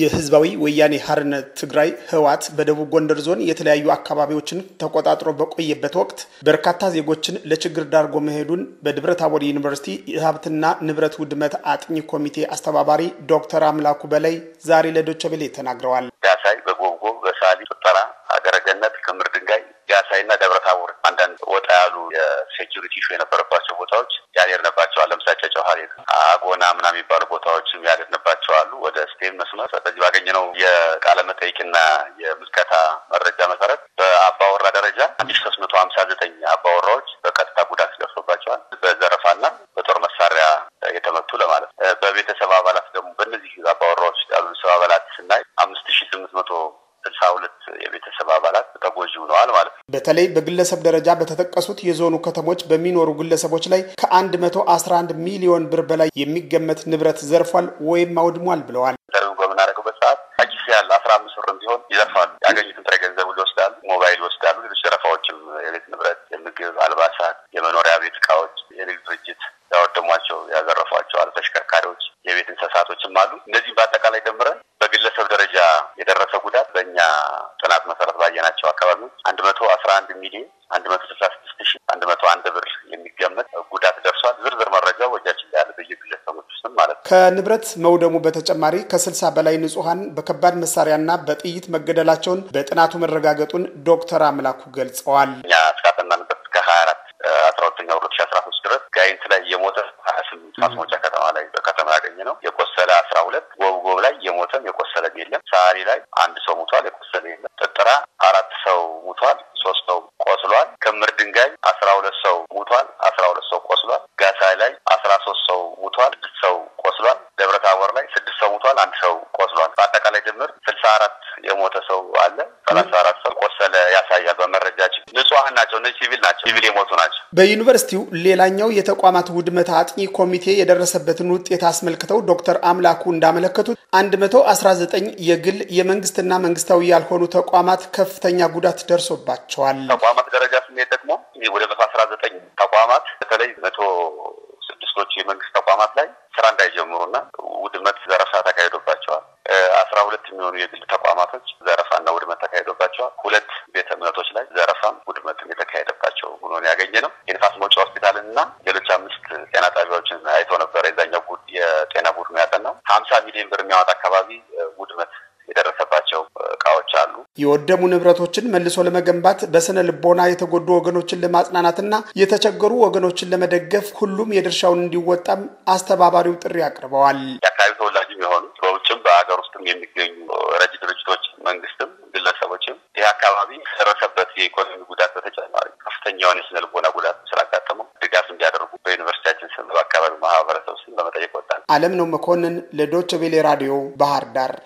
የህዝባዊ ወያኔ ሀርነት ትግራይ ህወሓት በደቡብ ጎንደር ዞን የተለያዩ አካባቢዎችን ተቆጣጥሮ በቆየበት ወቅት በርካታ ዜጎችን ለችግር ዳርጎ መሄዱን በደብረታቦር ዩኒቨርሲቲ የሀብትና ንብረት ውድመት አጥኚ ኮሚቴ አስተባባሪ ዶክተር አምላኩ በላይ ዛሬ ለዶቼ ቬለ ተናግረዋል። ጋሳይ፣ በጎብጎብ፣ በሳሊ፣ ጡጠራ፣ ሀገረገነት፣ ክምር ድንጋይ፣ ጋሳይ ዳሳይና ደብረታቦር አንዳንድ ወጣ ያሉ የሴኪሪቲ ሹ የነበረባቸው ቦታዎች ያልሄድንባቸዋል። ለምሳሌ ጨጨሆ አጎና ምናምን የሚባሉ ቦታዎችም ያልሄድንባቸው አሉ። ይህን መስመር በዚህ ባገኘነው የቃለ መጠይቅና የምልከታ መረጃ መሰረት በአባወራ ደረጃ አንድ ሺ ሶስት መቶ ሀምሳ ዘጠኝ አባወራዎች በቀጥታ ጉዳት ደርሶባቸዋል። በዘረፋና በጦር መሳሪያ የተመቱ ለማለት ነው። በቤተሰብ አባላት ደግሞ በእነዚህ አባወራዎች ያሉ ቤተሰብ አባላት ስናይ አምስት ሺ ስምንት መቶ ስልሳ ሁለት የቤተሰብ አባላት ተጎጂ ሆነዋል ማለት ነው። በተለይ በግለሰብ ደረጃ በተጠቀሱት የዞኑ ከተሞች በሚኖሩ ግለሰቦች ላይ ከአንድ መቶ አስራ አንድ ሚሊዮን ብር በላይ የሚገመት ንብረት ዘርፏል ወይም አውድሟል ብለዋል። አስራ አምስት ብርም ቢሆን ይዘርፋሉ። ያገኙትን ጥሬ ገንዘብ ይወስዳሉ። ሞባይል ይወስዳሉ። ሌሎች ዘረፋዎችም የቤት ንብረት፣ የምግብ፣ አልባሳት፣ የመኖሪያ ቤት እቃዎች፣ የንግድ ድርጅት ያወደሟቸው አሉ፣ ተሽከርካሪዎች፣ የቤት እንስሳቶችም አሉ። እነዚህም በአጠቃላይ ደምረን በግለሰብ ደረጃ የደረሰ ጉዳት በእኛ ጥናት መሰረት ባየናቸው አካባቢዎች አንድ መቶ አስራ አንድ ሚሊዮን አንድ መቶ ስልሳ ስድስት ሺ አንድ መቶ አንድ ብር ከንብረት መውደሙ በተጨማሪ ከ60 በላይ ንጹሐን በከባድ መሳሪያና በጥይት መገደላቸውን በጥናቱ መረጋገጡን ዶክተር አምላኩ ገልጸዋል። ጋይንት ላይ የሞተ ሀያ ስምንት ፋስሞቻ ከተማ ላይ በከተማ ያገኘ ነው። የቆሰለ አስራ ሁለት ጎብጎብ ላይ የሞተም የቆሰለ የለም። ሳሪ ላይ አንድ ሰው ሙቷል፣ የቆሰለ የለም። ጥጥራ አራት ሰው ሙቷል፣ ሶስት ሰው ቆስሏል። ክምር ድንጋይ አስራ ሁለት ሰው ሙቷል፣ አስራ ሁለት ሰው ቆስሏል። ጋሳይ ላይ አስራ ሶስት ሰው ሙቷል፣ ስድስት ሰው ቆስሏል። ደብረ ታቦር ላይ ስድስት ሰው ሙቷል፣ አንድ ሰው ቆስሏል። በአጠቃላይ ድምር ስልሳ አራት የሞተ ሰው አለ፣ ሰላሳ አራት ሰው ቆሰለ ያሳያል። በመረጃችን ንጹሐን ናቸው፣ እነዚህ ሲቪል ናቸው፣ ሲቪል የሞቱ ናቸው። በዩኒቨርሲቲው ሌላኛው የተቋማት ውድመት አጥኚ ኮሚቴ የደረሰበትን ውጤት አስመልክተው ዶክተር አምላኩ እንዳመለከቱት አንድ መቶ አስራ ዘጠኝ የግል የመንግስትና መንግስታዊ ያልሆኑ ተቋማት ከፍተኛ ጉዳት ደርሶባቸዋል። ተቋማት ደረጃ ስሜት ደግሞ ወደ መቶ አስራ ዘጠኝ ተቋማት በተለይ መቶ ስድስቶች የመንግስት ተቋማት ላይ ላይ ጀምሮና ውድመት ዘረፋ ተካሂዶባቸዋል። አስራ ሁለት የሚሆኑ የግል ተቋማቶች ዘረፋና ውድመት ተካሂዶባቸዋል። ሁለት ቤተ እምነቶች ላይ ዘረፋም ውድመትም የተካሄደባቸው ሆኖን ያገኘ ነው። የንፋስ መውጫ ሆስፒታልና ሌሎች አምስት ጤና ጣቢያዎችን አይቶ ነበረ። የዛኛው የጤና ቡድኑ ያጠናው ሀምሳ ሚሊዮን ብር የሚያወጣ አካባቢ ውድመት የደረሰ ስራዎች አሉ። የወደሙ ንብረቶችን መልሶ ለመገንባት በስነ ልቦና የተጎዱ ወገኖችን ለማጽናናትና የተቸገሩ ወገኖችን ለመደገፍ ሁሉም የድርሻውን እንዲወጣም አስተባባሪው ጥሪ አቅርበዋል። የአካባቢ ተወላጅም የሆኑ በውጭም በሀገር ውስጥም የሚገኙ ረጅ ድርጅቶች፣ መንግስትም፣ ግለሰቦችም ይህ አካባቢ ከደረሰበት የኢኮኖሚ ጉዳት በተጨማሪ ከፍተኛ የስነ ልቦና ጉዳት ስላጋጠመው ድጋፍ እንዲያደርጉ በዩኒቨርሲቲያችን ስም በአካባቢ ማህበረሰብ ስም በመጠየቅ ወጣል። አለም ነው መኮንን ለዶች ቬሌ ራዲዮ ባህር ዳር